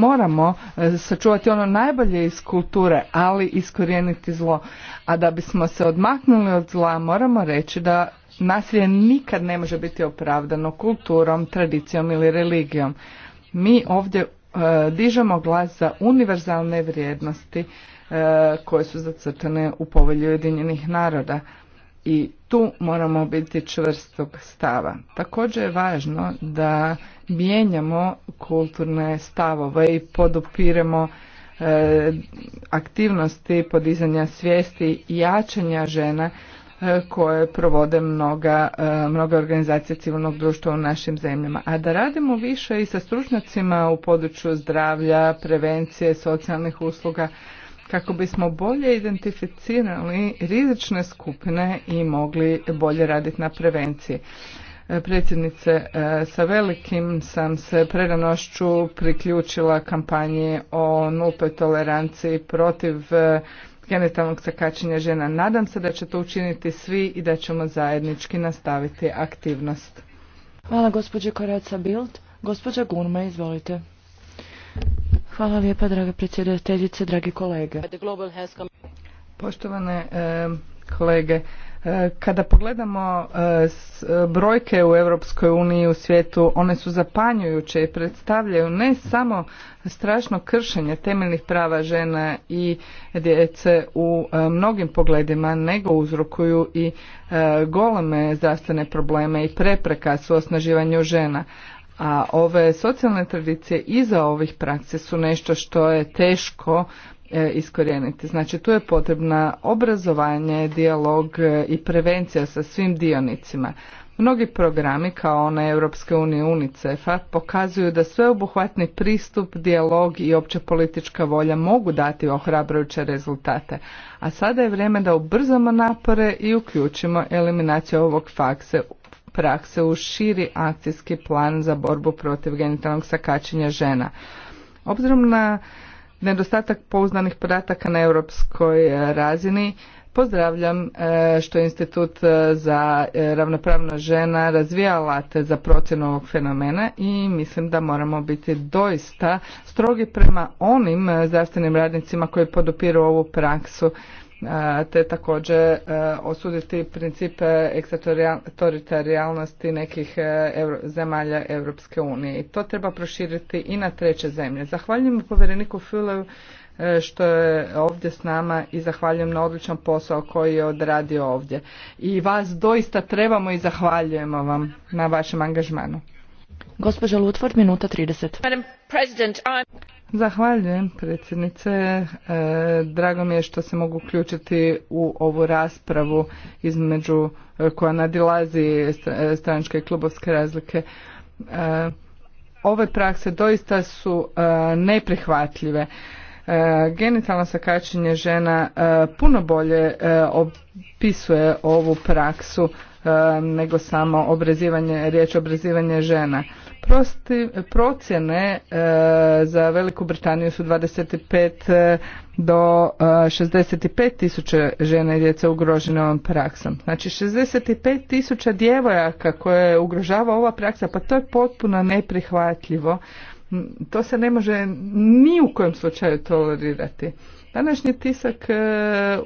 moramo e, sačuvati ono najbolje iz kulture, ali iskorijeniti zlo. A da bismo se odmaknuli od zla, moramo reći da nasilje nikad ne može biti opravdano kulturom, tradicijom ili religijom. Mi ovdje e, dižemo glas za univerzalne vrijednosti e, koje su zacrtane u povelju Ujedinjenih naroda i tu moramo biti čvrstog stava. Također je važno da mijenjamo kulturne stavove i podupiremo e, aktivnosti podizanja svijesti i jačanja žena e, koje provode mnoga, e, organizacije civilnog društva u našim zemljama. A da radimo više i sa stručnjacima u području zdravlja, prevencije, socijalnih usluga, kako bismo bolje identificirali rizične skupine i mogli bolje raditi na prevenciji. E, predsjednice, e, sa velikim sam se predanošću priključila kampanji o nultoj toleranciji protiv e, genitalnog sakačenja žena. Nadam se da će to učiniti svi i da ćemo zajednički nastaviti aktivnost. Hvala gospođe Koraca Bild. Gospođa Gunma, izvolite. Hvala lijepa, draga predsjedateljice, dragi kolege. Poštovane e, kolege, e, kada pogledamo e, brojke u Europskoj uniji u svijetu, one su zapanjujuće i predstavljaju ne samo strašno kršenje temeljnih prava žena i djece u mnogim pogledima, nego uzrokuju i goleme zdravstvene probleme i prepreka su osnaživanju žena. A ove socijalne tradicije iza ovih praksi su nešto što je teško e, iskorijeniti. Znači tu je potrebna obrazovanje, dijalog e, i prevencija sa svim dionicima. Mnogi programi kao one Europske unije UNICEF-a pokazuju da sveobuhvatni pristup, dijalog i opće politička volja mogu dati ohrabrujuće rezultate. A sada je vrijeme da ubrzamo napore i uključimo eliminaciju ovog fakse, prakse u širi akcijski plan za borbu protiv genitalnog sakačenja žena. Obzirom na nedostatak pouznanih podataka na europskoj e, razini, Pozdravljam e, što je Institut e, za ravnopravno žena razvija alate za procjenu ovog fenomena i mislim da moramo biti doista strogi prema onim zdravstvenim radnicima koji podupiru ovu praksu te također e, osuditi principe ekstraterijalnosti nekih e, zemalja Europske unije. I to treba proširiti i na treće zemlje. Zahvaljujem povjereniku Fulev e, što je ovdje s nama i zahvaljujem na odličan posao koji je odradio ovdje. I vas doista trebamo i zahvaljujemo vam na vašem angažmanu. Gospođa Lutford, minuta 30. Zahvaljujem predsjednice. E, drago mi je što se mogu uključiti u ovu raspravu između e, koja nadilazi e, stranačke i klubovske razlike. ove prakse doista su neprihvatljive. Genitalno sakačenje žena puno bolje opisuje ovu praksu E, nego samo obrezivanje, riječ obrezivanje žena. Prosti, procjene e, za Veliku Britaniju su 25 e, do 65 tisuća žena i djece ugrožene ovom praksom. Znači 65 tisuća djevojaka koje ugrožava ova praksa, pa to je potpuno neprihvatljivo. To se ne može ni u kojem slučaju tolerirati. Današnji tisak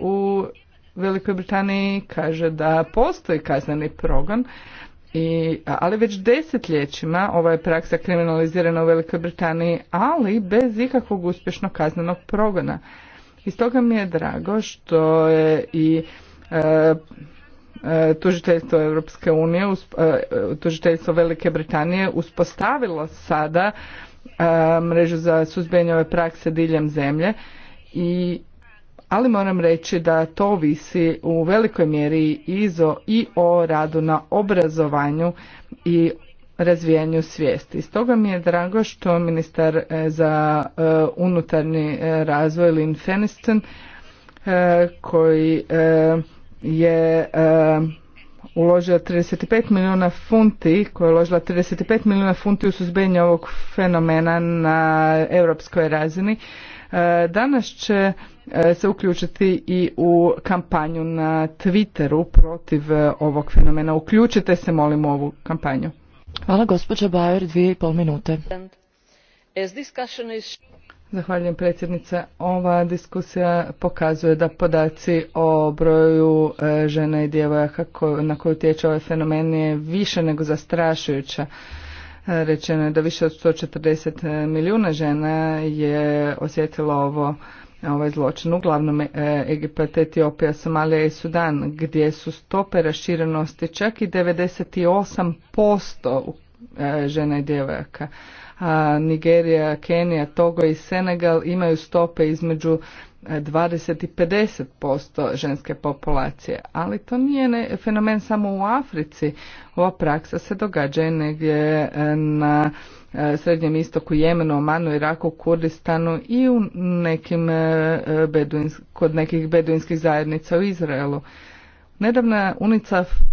u Velikoj Britaniji kaže da postoji kazneni progon, i, ali već desetljećima ova je praksa kriminalizirana u Velikoj Britaniji, ali bez ikakvog uspješnog kaznenog progona. I stoga mi je drago što je i e, e tužiteljstvo Europske unije, e, e, tužiteljstvo Velike Britanije uspostavilo sada mrežu za suzbijanje ove prakse diljem zemlje i ali moram reći da to visi u velikoj mjeri izo i o radu na obrazovanju i razvijanju svijesti. Stoga mi je drago što ministar e, za e, unutarnji e, razvoj Lynn Feniston koji je uložila 35 milijuna funti, koja je uložila 35 milijuna funti u suzbijanje ovog fenomena na europskoj razini, E, danas će e, se uključiti i u kampanju na Twitteru protiv e, ovog fenomena. Uključite se, molim, u ovu kampanju. Hvala, gospođa Bajer, dvije i pol minute. Zahvaljujem predsjednice. Ova diskusija pokazuje da podaci o broju žena i djevojaka na koju tječe ovaj fenomen je više nego zastrašujuća. Rečeno je da više od 140 e, milijuna žena je osjetilo ovo ovaj zločin, uglavnom e, Egipat, Etiopija, Somalija i Sudan, gdje su stope raširenosti čak i 98% e, žena i djevojaka. Nigerija, Kenija, Togo i Senegal imaju stope između 20 i 50% ženske populacije. Ali to nije fenomen samo u Africi. Ova praksa se događa i negdje e, na e, Srednjem istoku, Jemenu, Omanu, Iraku, Kurdistanu i u nekim e, beduins, kod nekih beduinskih zajednica u Izraelu. Nedavna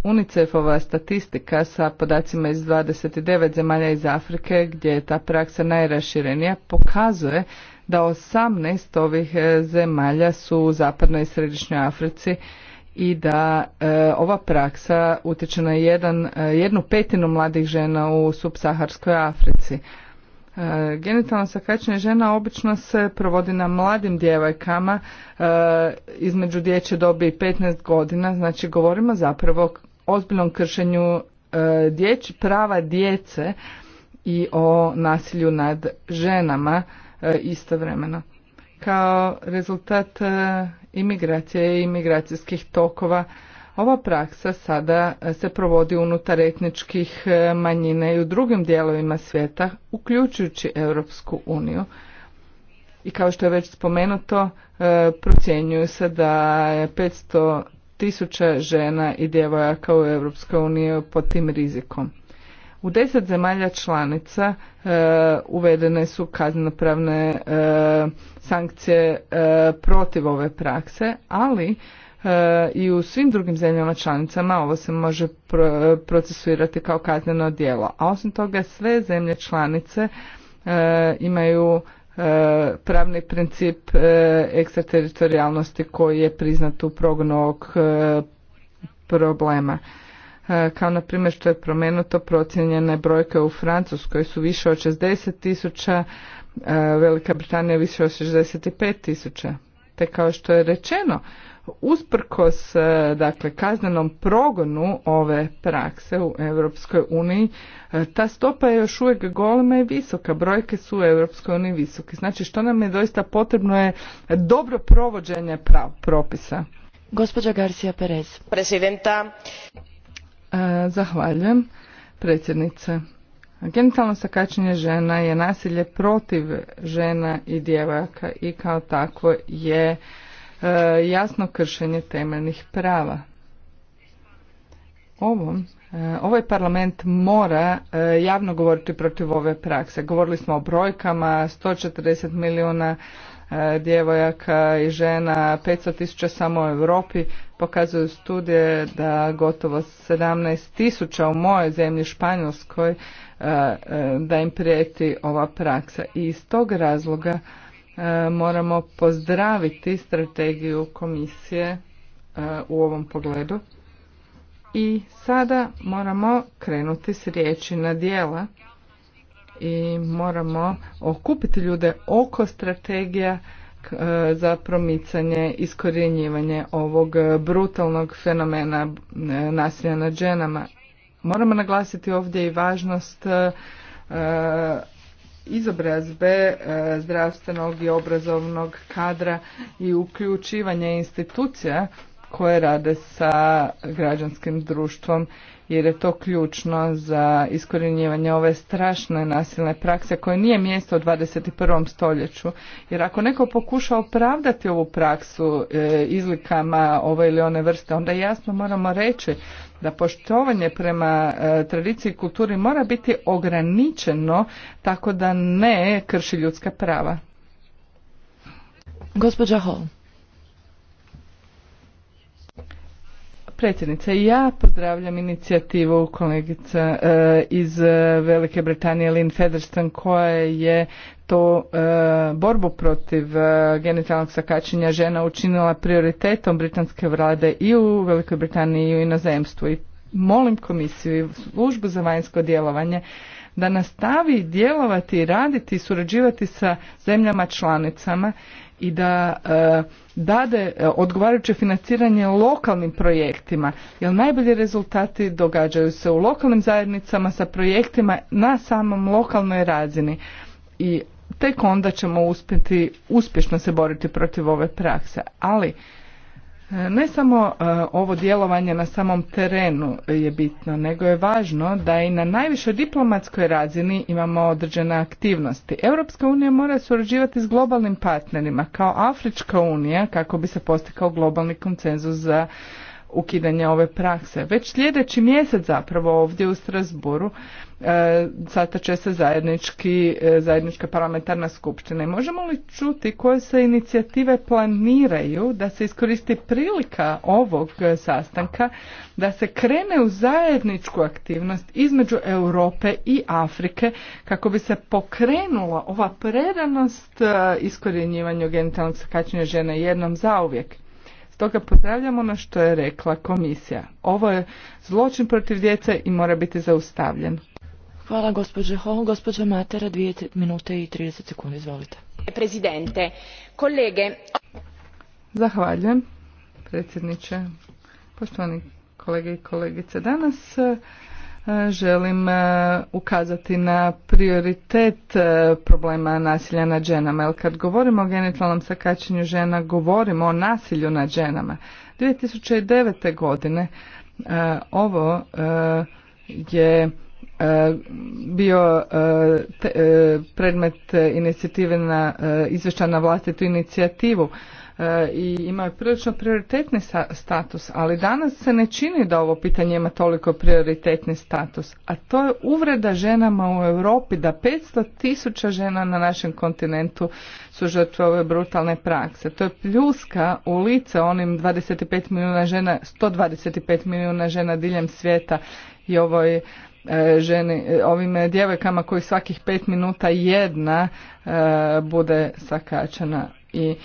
UNICEF-ova statistika sa podacima iz 29 zemalja iz Afrike, gdje je ta praksa najraširenija, pokazuje da osamnaest ovih e, zemalja su u zapadnoj i središnjoj Africi i da e, ova praksa utječe na jedan, e, jednu petinu mladih žena u subsaharskoj Africi. E, genitalno sakačenje žena obično se provodi na mladim djevojkama između dječje dobi 15 godina, znači govorimo zapravo o ozbiljnom kršenju dječ, prava djece i o nasilju nad ženama E, istovremeno. Kao rezultat e, imigracije i imigracijskih tokova ova praksa sada se provodi unutar etničkih e, manjina i u drugim dijelovima svijeta, uključujući Europsku uniju. I kao što je već spomenuto, procjenjuju se da je 500 tisuća žena i djevojaka u Europskoj uniji pod tim rizikom. U deset zemalja članica e, uvedene su kaznenopravne e, sankcije e, protiv ove prakse, ali e, i u svim drugim zemljama članicama ovo se može procesuirati kao kazneno djelo. A osim toga sve zemlje članice imaju pravni princip ekstrateritorijalnosti koji je priznat u progonu problema. E, kao na primjer što je promenuto procijenjene brojke u Francuskoj su više od 60 tisuća, e, Velika Britanija više od 65 tisuća. Te kao što je rečeno, usprkos e, dakle kaznenom progonu ove prakse u Europskoj uniji, ta stopa je još uvijek golema i visoka, brojke su u Europskoj uniji visoke. Znači što nam je doista potrebno je dobro provođenje propisa. Gospođa Garcia Perez. Presidenta. E, zahvaljujem, predsjednice. Genitalno sakačenje žena je nasilje protiv žena i djevojaka i kao takvo je e, jasno kršenje temeljnih prava. Ovom, e, ovaj parlament mora javno govoriti protiv ove prakse. Govorili smo o brojkama, 140 milijuna E, djevojaka i žena, 500 tisuća samo u Europi, pokazuju studije da gotovo 17 tisuća u mojoj zemlji Španjolskoj e, e, da im prijeti ova praksa. I iz tog razloga moramo pozdraviti strategiju komisije u ovom pogledu. I sada moramo krenuti s riječi na dijela i moramo okupiti ljude oko strategija e, za promicanje iskorjenjivanje ovog brutalnog fenomena e, nasilja nad ženama. Moramo naglasiti ovdje i važnost e, izobrazbe zdravstvenog i obrazovnog kadra i uključivanje institucija koje rade sa građanskim društvom jer je to ključno za iskorjenjivanje ove strašne nasilne prakse koje nije mjesto u 21. stoljeću. Jer ako neko pokuša opravdati ovu praksu e, izlikama ove ili one vrste, onda jasno moramo reći da poštovanje prema e, tradiciji i kulturi mora biti ograničeno tako da ne krši ljudska prava. Gospođa Hall. predsjednice. Ja pozdravljam inicijativu kolegica eh, iz eh, Velike Britanije Lynn Featherstone koja je to eh, borbu protiv genitalnog sakačenja žena učinila prioritetom britanske vlade i u Velikoj Britaniji i u inozemstvu. I molim komisiju i službu za vanjsko djelovanje da nastavi djelovati i raditi i surađivati sa zemljama članicama i da e, dade e, odgovarajuće financiranje lokalnim projektima jer najbolji rezultati događaju se u lokalnim zajednicama sa projektima na samom lokalnoj razini i tek onda ćemo uspjeti uspješno se boriti protiv ove prakse ali ne samo e, ovo djelovanje na samom terenu je bitno, nego je važno da i na najvišoj diplomatskoj razini imamo određene aktivnosti. Europska unija mora surađivati s globalnim partnerima kao Afrička unija kako bi se postikao globalni konsenzus za ukidanje ove prakse. Već sljedeći mjesec zapravo ovdje u Strasburu e, će se zajednički, e, zajednička parlamentarna skupština. možemo li čuti koje se inicijative planiraju da se iskoristi prilika ovog e, sastanka da se krene u zajedničku aktivnost između Europe i Afrike kako bi se pokrenula ova predanost e, iskorjenjivanju genitalnog sakačenja žene jednom zauvijek. Stoga pozdravljamo ono što je rekla komisija. Ovo je zločin protiv djece i mora biti zaustavljen. Hvala gospođe Ho, Gospođa Matera, dvije minute i 30 sekundi, izvolite. Prezidente, kolege... Zahvaljujem, predsjedniče, poštovani kolege i kolegice. Danas E, želim e, ukazati na prioritet e, problema nasilja nad ženama. Jer kad govorimo o genitalnom sakačenju žena, govorimo o nasilju nad ženama. 2009. godine ovo je bio predmet inicijative na izvješća na vlastitu inicijativu E, i imaju prilično prioritetni status, ali danas se ne čini da ovo pitanje ima toliko prioritetni status, a to je uvreda ženama u Europi da 500 tisuća žena na našem kontinentu su žrtve ove brutalne prakse. To je pljuska u lice onim 25 milijuna žena, 125 milijuna žena diljem svijeta i ovoj e, ženi, e, ovim djevojkama koji svakih pet minuta jedna bude sakačena i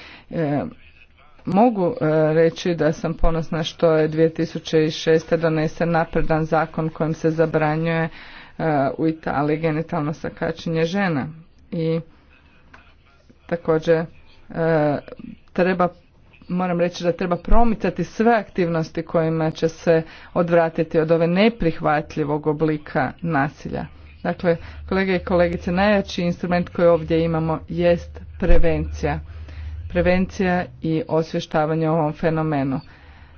Mogu e, reći da sam ponosna što je 2006. donesen napredan zakon kojim se zabranjuje e, u Italiji genitalno sakačenje žena i također e, treba moram reći da treba promicati sve aktivnosti kojima će se odvratiti od ove neprihvatljivog oblika nasilja. Dakle, kolege i kolegice, najjači instrument koji ovdje imamo jest prevencija prevencija i osvještavanje o ovom fenomenu.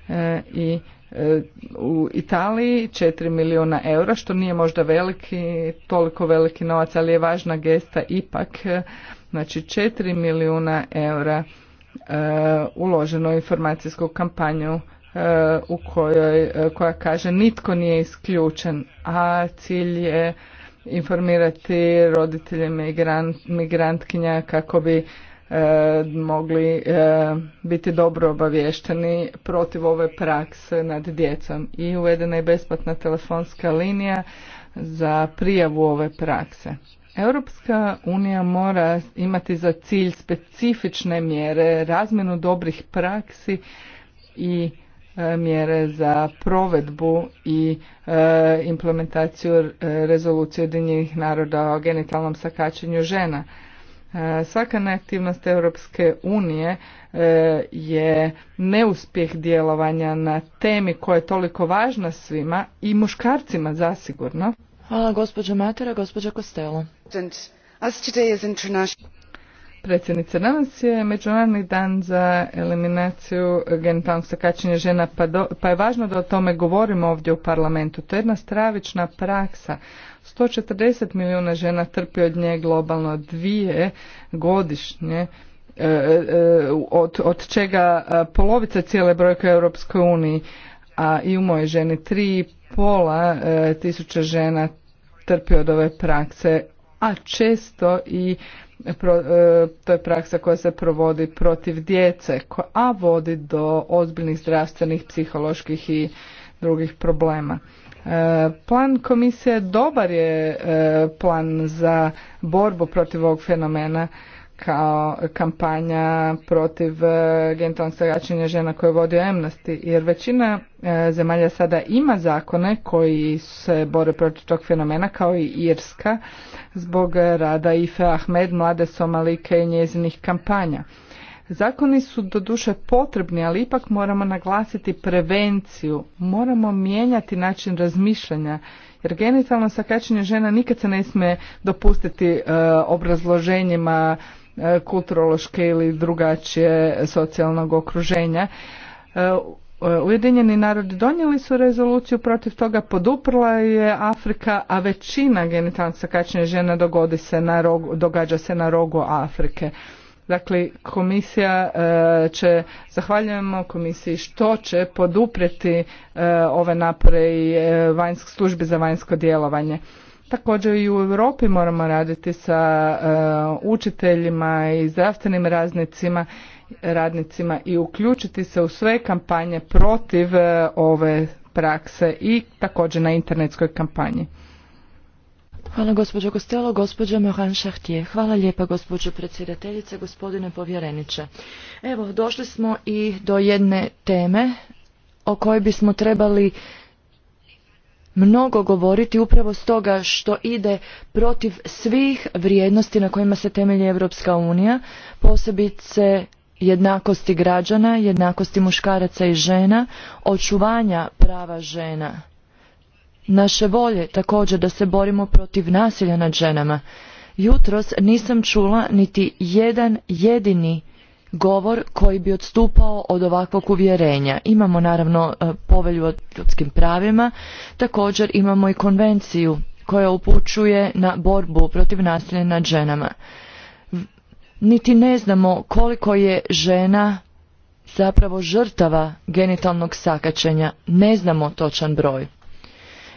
E, I e, u Italiji 4 milijuna eura, što nije možda veliki, toliko veliki novac, ali je važna gesta ipak. E, znači 4 milijuna eura uloženo u informacijsku kampanju u kojoj, koja kaže nitko nije isključen, a cilj je informirati roditelje migrant, migrantkinja kako bi e, mogli e, biti dobro obavješteni protiv ove prakse nad djecom i uvedena je besplatna telefonska linija za prijavu ove prakse. Europska unija mora imati za cilj specifične mjere, razmjenu dobrih praksi i e, mjere za provedbu i e, implementaciju rezolucije Ujedinjenih naroda o genitalnom sakačenju žena. E, svaka neaktivnost Europske unije e, je neuspjeh djelovanja na temi koja je toliko važna svima i muškarcima zasigurno. Hvala gospođo Matera, gospođo Kostelo predsjednice. Danas je Međunarodni dan za eliminaciju genitalnog sakačenja žena, pa, pa je važno da o tome govorimo ovdje u parlamentu. To je jedna stravična praksa. 140 milijuna žena trpi od nje globalno dvije godišnje, e, e, od, od čega e, polovica cijele brojke u Europskoj uniji, a i u mojoj ženi tri pola tisuća žena trpi od ove prakse, a često i E, to je praksa koja se provodi protiv djece, a vodi do ozbiljnih zdravstvenih, psiholoških i drugih problema. E, plan komisije dobar je e, plan za borbu protiv ovog fenomena kao kampanja protiv e, genitalnog sagačenja žena koje vodi emnosti jer većina e, zemalja sada ima zakone koji se bore protiv tog fenomena, kao i Irska, zbog rada Ife Ahmed, mlade Somalike i njezinih kampanja. Zakoni su doduše potrebni, ali ipak moramo naglasiti prevenciju, moramo mijenjati način razmišljanja, jer genitalno sakačenje žena nikad se ne smije dopustiti e, obrazloženjima E, kulturološke ili drugačije socijalnog okruženja. E, Ujedinjeni narodi donijeli su rezoluciju protiv toga, poduprla je Afrika, a većina genitalnog sakačenja žena dogodi se na događa se na rogu Afrike. Dakle, komisija e, će, zahvaljujemo komisiji što će poduprijeti ove napore i službe službi za vanjsko djelovanje. Također i u Europi moramo raditi sa e, učiteljima i zdravstvenim raznicima, radnicima i uključiti se u sve kampanje protiv e, ove prakse i također na internetskoj kampanji. Hvala gospođo Kostelo, gospođo Mohan Šahtije. Hvala lijepa gospođo predsjedateljice, gospodine povjereniče. Evo, došli smo i do jedne teme o kojoj bismo trebali mnogo govoriti upravo stoga što ide protiv svih vrijednosti na kojima se temelji Europska unija, posebice jednakosti građana, jednakosti muškaraca i žena, očuvanja prava žena. Naše volje također da se borimo protiv nasilja nad ženama. Jutros nisam čula niti jedan jedini govor koji bi odstupao od ovakvog uvjerenja. Imamo naravno e, povelju o ljudskim pravima, također imamo i konvenciju koja upućuje na borbu protiv nasilja nad ženama. Niti ne znamo koliko je žena zapravo žrtava genitalnog sakačenja. Ne znamo točan broj.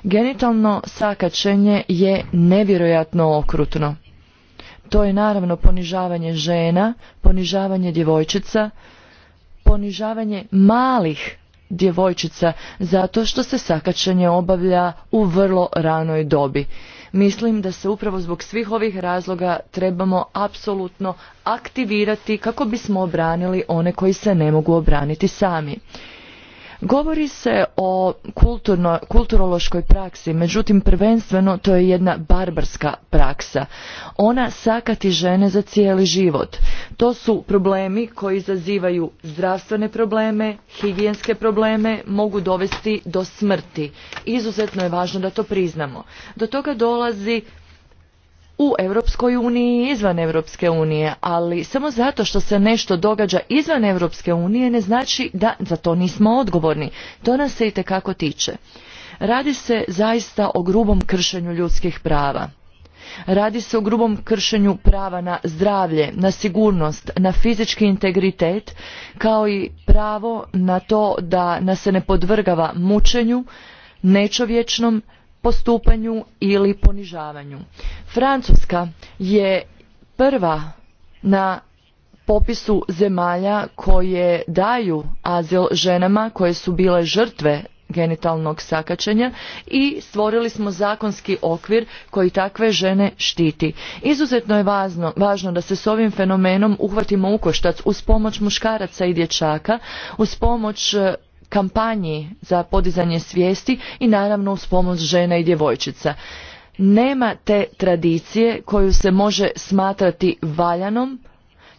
Genitalno sakačenje je nevjerojatno okrutno. To je naravno ponižavanje žena, ponižavanje djevojčica, ponižavanje malih djevojčica zato što se sakačenje obavlja u vrlo ranoj dobi. Mislim da se upravo zbog svih ovih razloga trebamo apsolutno aktivirati kako bismo obranili one koji se ne mogu obraniti sami. Govori se o kulturološkoj praksi, međutim prvenstveno to je jedna barbarska praksa. Ona sakati žene za cijeli život. To su problemi koji izazivaju zdravstvene probleme, higijenske probleme, mogu dovesti do smrti. Izuzetno je važno da to priznamo. Do toga dolazi u Europskoj uniji i izvan Europske unije, ali samo zato što se nešto događa izvan Europske unije ne znači da za to nismo odgovorni. To nas se i tiče. Radi se zaista o grubom kršenju ljudskih prava. Radi se o grubom kršenju prava na zdravlje, na sigurnost, na fizički integritet, kao i pravo na to da nas se ne podvrgava mučenju, nečovječnom, postupanju ili ponižavanju. Francuska je prva na popisu zemalja koje daju azil ženama koje su bile žrtve genitalnog sakačenja i stvorili smo zakonski okvir koji takve žene štiti. Izuzetno je važno, važno da se s ovim fenomenom uhvatimo u uz pomoć muškaraca i dječaka, uz pomoć kampanji za podizanje svijesti i naravno uz pomoć žena i djevojčica. Nema te tradicije koju se može smatrati valjanom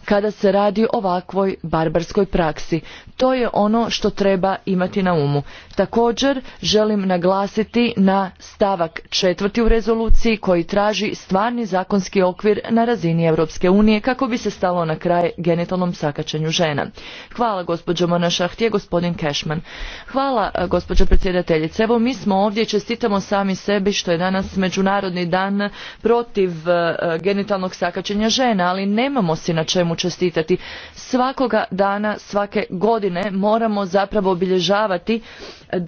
kada se radi o ovakvoj barbarskoj praksi. To je ono što treba imati na umu. Također želim naglasiti na stavak četvrti u rezoluciji koji traži stvarni zakonski okvir na razini Europske unije kako bi se stalo na kraj genitalnom sakačenju žena. Hvala gospođo Mona Šahtije, gospodin Kešman. Hvala eh, gospođo predsjedateljice. Evo mi smo ovdje čestitamo sami sebi što je danas Međunarodni dan protiv eh, genitalnog sakačenja žena, ali nemamo si na čemu mu čestitati. Svakoga dana, svake godine moramo zapravo obilježavati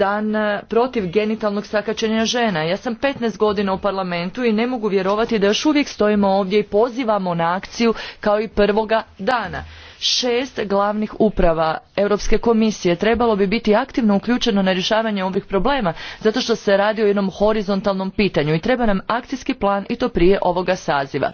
dan eh, protiv genitalnog sakačenja žena. Ja sam 15 godina u parlamentu i ne mogu vjerovati da još uvijek stojimo ovdje i pozivamo na akciju kao i prvoga dana šest glavnih uprava europske komisije trebalo bi biti aktivno uključeno na rješavanje ovih problema zato što se radi o jednom horizontalnom pitanju i treba nam akcijski plan i to prije ovoga saziva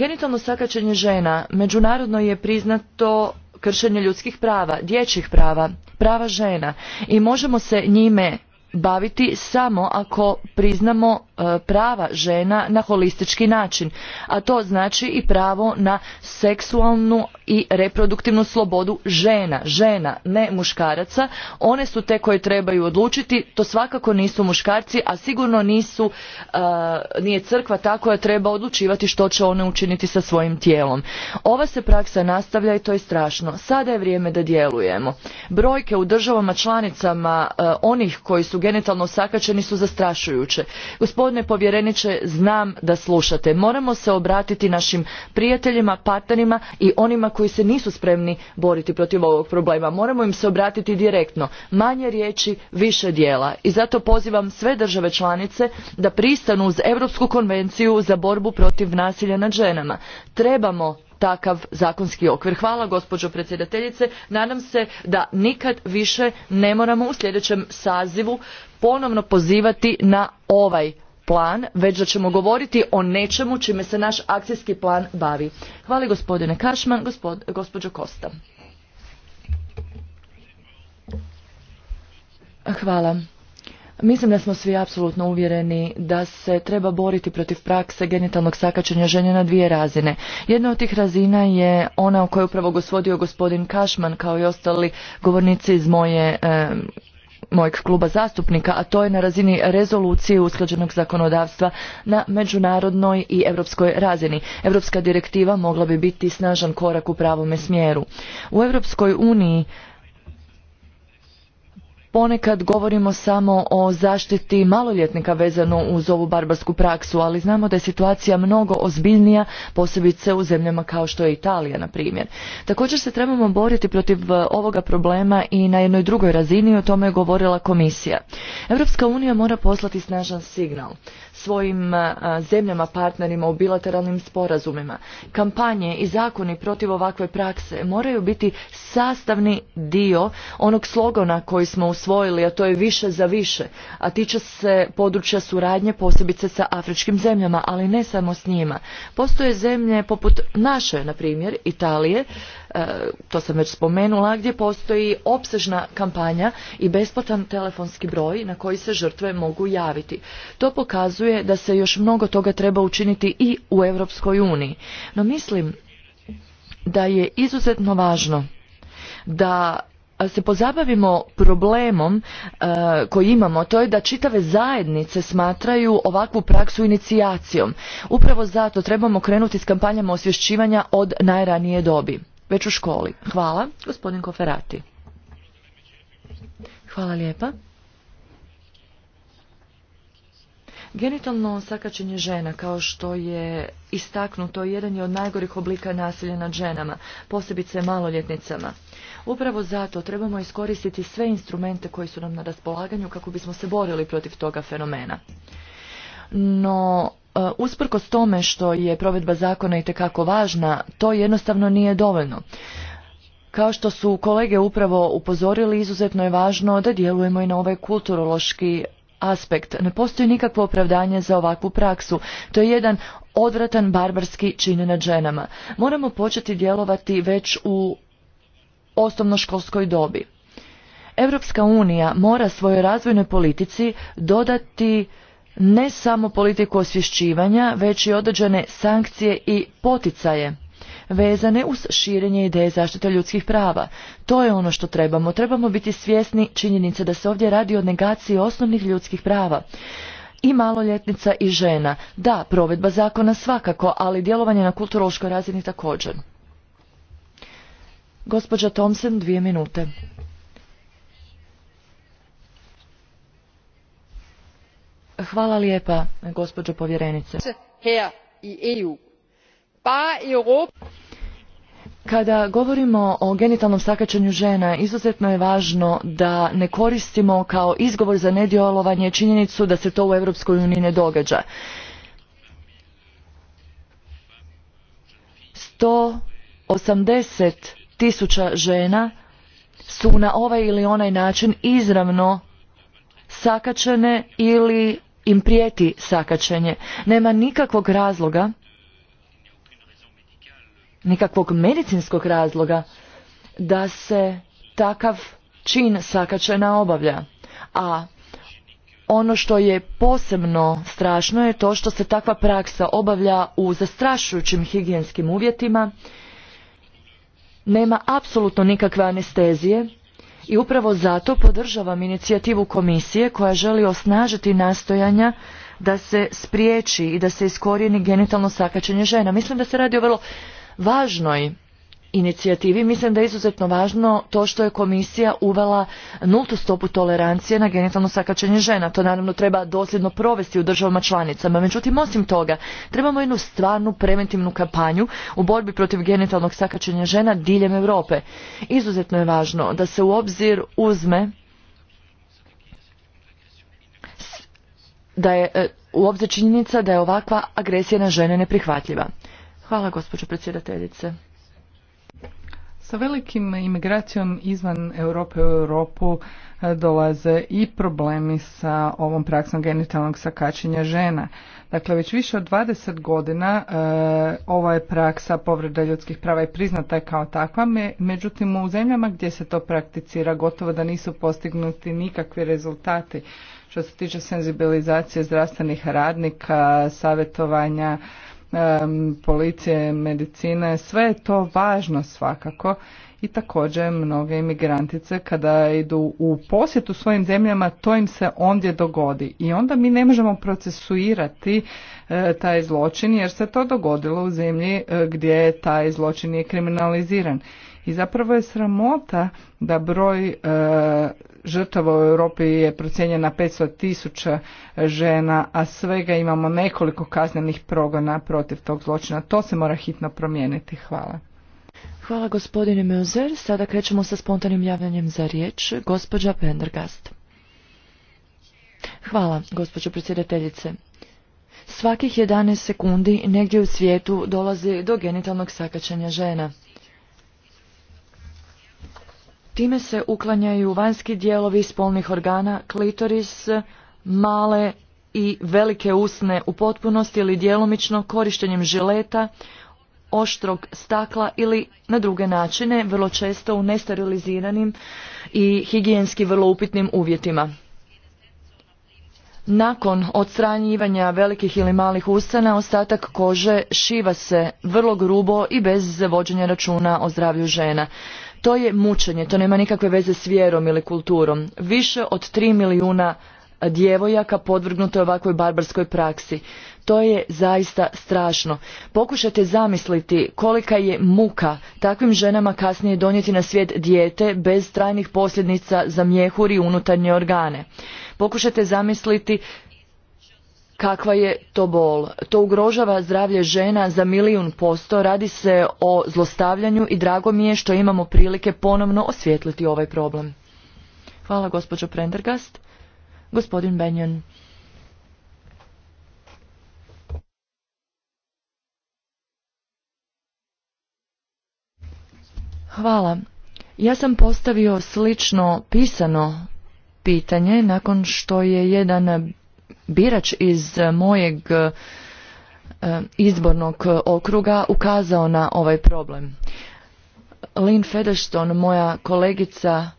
Genitalno sakačenje žena međunarodno je priznato kršenje ljudskih prava, dječjih prava, prava žena i možemo se njime baviti samo ako priznamo e, prava žena na holistički način, a to znači i pravo na seksualnu i reproduktivnu slobodu žena, žena, ne muškaraca. One su te koje trebaju odlučiti, to svakako nisu muškarci, a sigurno nisu, e, nije crkva ta koja treba odlučivati što će one učiniti sa svojim tijelom. Ova se praksa nastavlja i to je strašno. Sada je vrijeme da djelujemo. Brojke u državama članicama e, onih koji su genitalno sakačeni su zastrašujuće. Gospodine povjereniče, znam da slušate. Moramo se obratiti našim prijateljima, partnerima i onima koji se nisu spremni boriti protiv ovog problema. Moramo im se obratiti direktno. Manje riječi, više dijela. I zato pozivam sve države članice da pristanu uz Europsku konvenciju za borbu protiv nasilja nad ženama. Trebamo takav zakonski okvir. Hvala gospođo predsjedateljice. Nadam se da nikad više ne moramo u sljedećem sazivu ponovno pozivati na ovaj plan, već da ćemo govoriti o nečemu čime se naš akcijski plan bavi. Hvala gospodine Kašman, gospod, gospođo Kosta. Hvala. Mislim da smo svi apsolutno uvjereni da se treba boriti protiv prakse genitalnog sakačenja žene na dvije razine. Jedna od tih razina je ona o kojoj upravo gosvodio gospodin Kašman kao i ostali govornici iz moje mojeg kluba zastupnika, a to je na razini rezolucije usklađenog zakonodavstva na međunarodnoj i europskoj razini. Europska direktiva mogla bi biti snažan korak u pravome smjeru. U Europskoj uniji ponekad govorimo samo o zaštiti maloljetnika vezano uz ovu barbarsku praksu, ali znamo da je situacija mnogo ozbiljnija, posebice u zemljama kao što je Italija, na primjer. Također se trebamo boriti protiv e, ovoga problema i na jednoj drugoj razini, o tome je govorila komisija. Europska unija mora poslati snažan signal svojim e, zemljama partnerima u bilateralnim sporazumima. Kampanje i zakoni protiv ovakve prakse moraju biti sastavni dio onog slogona koji smo u usvojili, a to je više za više, a tiče se područja suradnje posebice sa afričkim zemljama, ali ne samo s njima. Postoje zemlje poput naše, na primjer, Italije, e, to sam već spomenula, gdje postoji opsežna kampanja i besplatan telefonski broj na koji se žrtve mogu javiti. To pokazuje da se još mnogo toga treba učiniti i u Europskoj uniji. No mislim da je izuzetno važno da se pozabavimo problemom e, koji imamo, to je da čitave zajednice smatraju ovakvu praksu inicijacijom. Upravo zato trebamo krenuti s kampanjama osvješćivanja od najranije dobi, već u školi. Hvala, gospodin Koferati. Hvala lijepa. Genitalno sakačenje žena, kao što je istaknuto, jedan je od najgorih oblika nasilja nad ženama, posebice maloljetnicama. Upravo zato trebamo iskoristiti sve instrumente koji su nam na raspolaganju kako bismo se borili protiv toga fenomena. No, e, usprkos tome što je provedba zakona i tekako važna, to jednostavno nije dovoljno. Kao što su kolege upravo upozorili, izuzetno je važno da djelujemo i na ovaj kulturološki aspekt. Ne postoji nikakvo opravdanje za ovakvu praksu. To je jedan odvratan barbarski čin nad ženama. Moramo početi djelovati već u osnovnoškolskoj dobi. Europska unija mora svojoj razvojnoj politici dodati ne samo politiku osvješćivanja, već i određene sankcije i poticaje vezane uz širenje ideje zaštite ljudskih prava. To je ono što trebamo. Trebamo biti svjesni činjenice da se ovdje radi o negaciji osnovnih ljudskih prava i maloljetnica i žena. Da, provedba zakona svakako, ali djelovanje na kulturološkoj razini također. Gospođa Thompson, dvije minute. Hvala lijepa, gospođo povjerenice. i e EU. Kada govorimo o genitalnom sakačenju žena, izuzetno je važno da ne koristimo kao izgovor za nedjelovanje činjenicu da se to u Europskoj uniji ne događa. osamdeset tisuća žena su na ovaj ili onaj način izravno sakačene ili im prijeti sakačenje. Nema nikakvog razloga nikakvog medicinskog razloga da se takav čin sakačena obavlja. A ono što je posebno strašno je to što se takva praksa obavlja u zastrašujućim higijenskim uvjetima, nema apsolutno nikakve anestezije i upravo zato podržavam inicijativu komisije koja želi osnažiti nastojanja da se spriječi i da se iskorijeni genitalno sakačenje žena. Mislim da se radi o vrlo važnoj inicijativi mislim da je izuzetno važno to što je komisija uvela nultu stopu tolerancije na genitalno sakačenje žena. To naravno treba dosljedno provesti u državama članicama. Međutim, osim toga, trebamo jednu stvarnu preventivnu kampanju u borbi protiv genitalnog sakačenja žena diljem Europe. Izuzetno je važno da se u obzir uzme da je e, u obzir činjenica da je ovakva agresija na žene neprihvatljiva. Hvala gospođo predsjedateljice. Sa velikim imigracijom izvan Europe u Europu e, dolaze i problemi sa ovom praksom genitalnog sakačenja žena. Dakle, već više od 20 godina e, ova je praksa povreda ljudskih prava i priznata je kao takva, međutim u zemljama gdje se to prakticira gotovo da nisu postignuti nikakvi rezultati što se tiče senzibilizacije zdravstvenih radnika, savjetovanja, policije, medicine, sve je to važno svakako i također mnoge imigrantice kada idu u u svojim zemljama to im se ondje dogodi i onda mi ne možemo procesuirati e, taj zločin jer se to dogodilo u zemlji e, gdje taj zločin je kriminaliziran. I zapravo je sramota da broj e, žrtava u Europi je procijenjena 500 tisuća žena, a svega imamo nekoliko kaznenih progona protiv tog zločina. To se mora hitno promijeniti. Hvala. Hvala gospodine Meuzer. Sada krećemo sa spontanim javljanjem za riječ. Gospođa Pendergast. Hvala, gospođo predsjedateljice. Svakih 11 sekundi negdje u svijetu dolazi do genitalnog sakačenja žena. Time se uklanjaju vanjski dijelovi spolnih organa, klitoris, male i velike usne u potpunosti ili djelomično korištenjem žileta, oštrog stakla ili na druge načine, vrlo često u nesteriliziranim i higijenski vrlo upitnim uvjetima. Nakon odstranjivanja velikih ili malih ustana ostatak kože šiva se vrlo grubo i bez vođenja računa o zdravlju žena. To je mučenje, to nema nikakve veze s vjerom ili kulturom. Više od tri milijuna djevojaka podvrgnuto je ovakvoj barbarskoj praksi. To je zaista strašno. Pokušajte zamisliti kolika je muka takvim ženama kasnije donijeti na svijet dijete bez trajnih posljednica za mjehur i unutarnje organe. Pokušajte zamisliti kakva je to bol. To ugrožava zdravlje žena za milijun posto, radi se o zlostavljanju i drago mi je što imamo prilike ponovno osvijetliti ovaj problem. Hvala gospođo Prendergast. Gospodin Benjon. Hvala. Ja sam postavio slično pisano pitanje nakon što je jedan birač iz e, mojeg e, e, izbornog okruga ukazao na ovaj problem. Lynn Federston, moja kolegica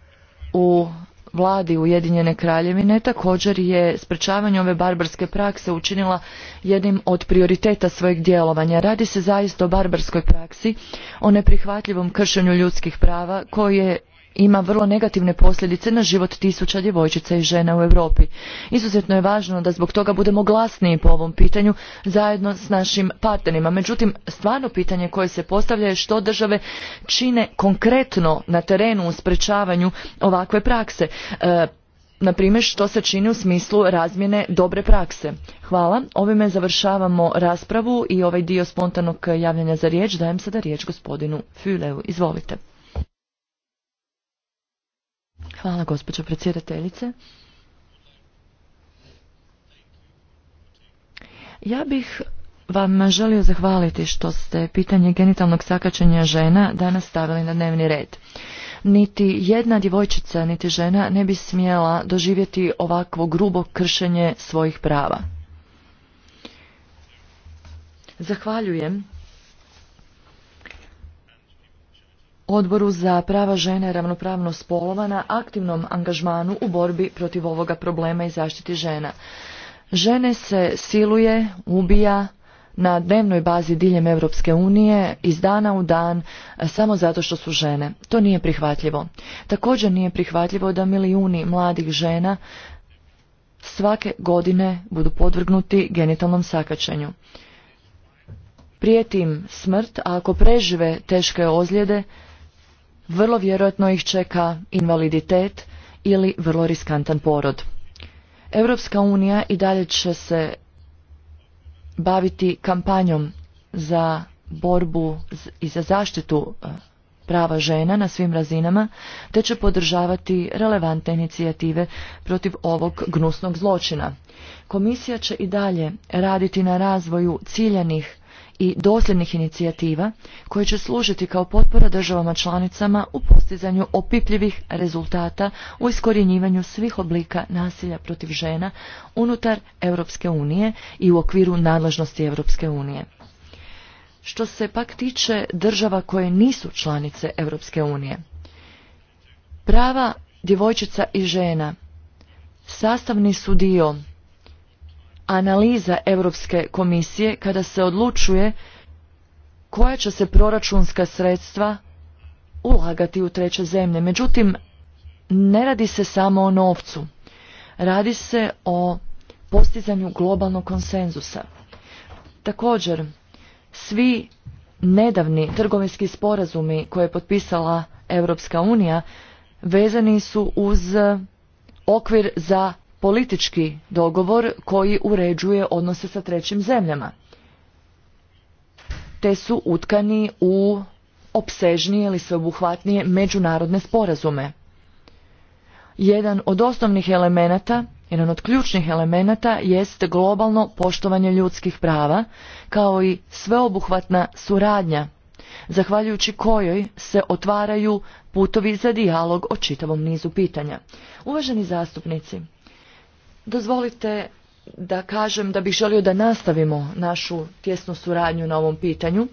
u vladi Ujedinjene kraljevine, također je sprečavanje ove barbarske prakse učinila jednim od prioriteta svojeg djelovanja. Radi se zaista o barbarskoj praksi, o neprihvatljivom kršenju ljudskih prava koje ima vrlo negativne posljedice na život tisuća djevojčica i žena u Europi. Izuzetno je važno da zbog toga budemo glasniji po ovom pitanju zajedno s našim partnerima. Međutim, stvarno pitanje koje se postavlja je što države čine konkretno na terenu u sprečavanju ovakve prakse. E, na što se čini u smislu razmjene dobre prakse. Hvala. Ovime završavamo raspravu i ovaj dio spontanog javljanja za riječ. Dajem sada riječ gospodinu Füleu. Izvolite. Hvala gospođo predsjedateljice. Ja bih vam želio zahvaliti što ste pitanje genitalnog sakačenja žena danas stavili na dnevni red. Niti jedna djevojčica, niti žena ne bi smjela doživjeti ovakvo grubo kršenje svojih prava. Zahvaljujem odboru za prava žena ravnopravno ravnopravnost spolova na aktivnom angažmanu u borbi protiv ovoga problema i zaštiti žena. Žene se siluje, ubija na dnevnoj bazi diljem Europske unije iz dana u dan samo zato što su žene. To nije prihvatljivo. Također nije prihvatljivo da milijuni mladih žena svake godine budu podvrgnuti genitalnom sakačenju. Prijetim smrt, a ako prežive teške ozljede, vrlo vjerojatno ih čeka invaliditet ili vrlo riskantan porod. Europska unija i dalje će se baviti kampanjom za borbu i za zaštitu e, prava žena na svim razinama, te će podržavati relevante inicijative protiv ovog gnusnog zločina. Komisija će i dalje raditi na razvoju ciljanih i dosljednih inicijativa koje će služiti kao potpora državama članicama u postizanju opipljivih rezultata u iskorjenjivanju svih oblika nasilja protiv žena unutar Europske unije i u okviru nadležnosti Europske unije. Što se pak tiče država koje nisu članice Europske unije, prava djevojčica i žena sastavni su dio analiza Europske komisije kada se odlučuje koja će se proračunska sredstva ulagati u treće zemlje. Međutim, ne radi se samo o novcu. Radi se o postizanju globalnog konsenzusa. Također, svi nedavni trgovinski sporazumi koje je potpisala Europska unija vezani su uz okvir za politički dogovor koji uređuje odnose sa trećim zemljama. Te su utkani u opsežnije ili sveobuhvatnije međunarodne sporazume. Jedan od osnovnih elemenata, jedan od ključnih elemenata jest globalno poštovanje ljudskih prava kao i sveobuhvatna suradnja, zahvaljujući kojoj se otvaraju putovi za dijalog o čitavom nizu pitanja. Uvaženi zastupnici, Dozvolite da kažem da bih želio da nastavimo našu tjesnu suradnju na ovom pitanju.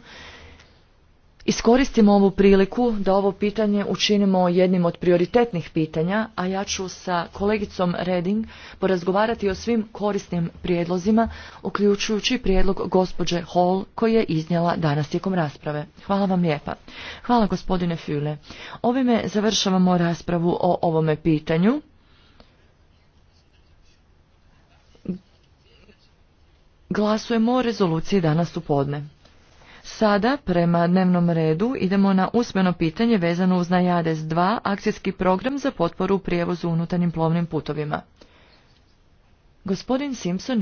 Iskoristimo ovu priliku da ovo pitanje učinimo jednim od prioritetnih pitanja, a ja ću sa kolegicom Reding porazgovarati o svim korisnim prijedlozima, uključujući prijedlog gospođe Hall koji je iznijela danas tijekom rasprave. Hvala vam lijepa. Hvala gospodine Fule. Ovime završavamo raspravu o ovome pitanju. Glasujemo o rezoluciji danas u podne. Sada, prema dnevnom redu, idemo na usmeno pitanje vezano uz Najades 2, akcijski program za potporu u prijevozu unutarnjim plovnim putovima. Gospodin Simpson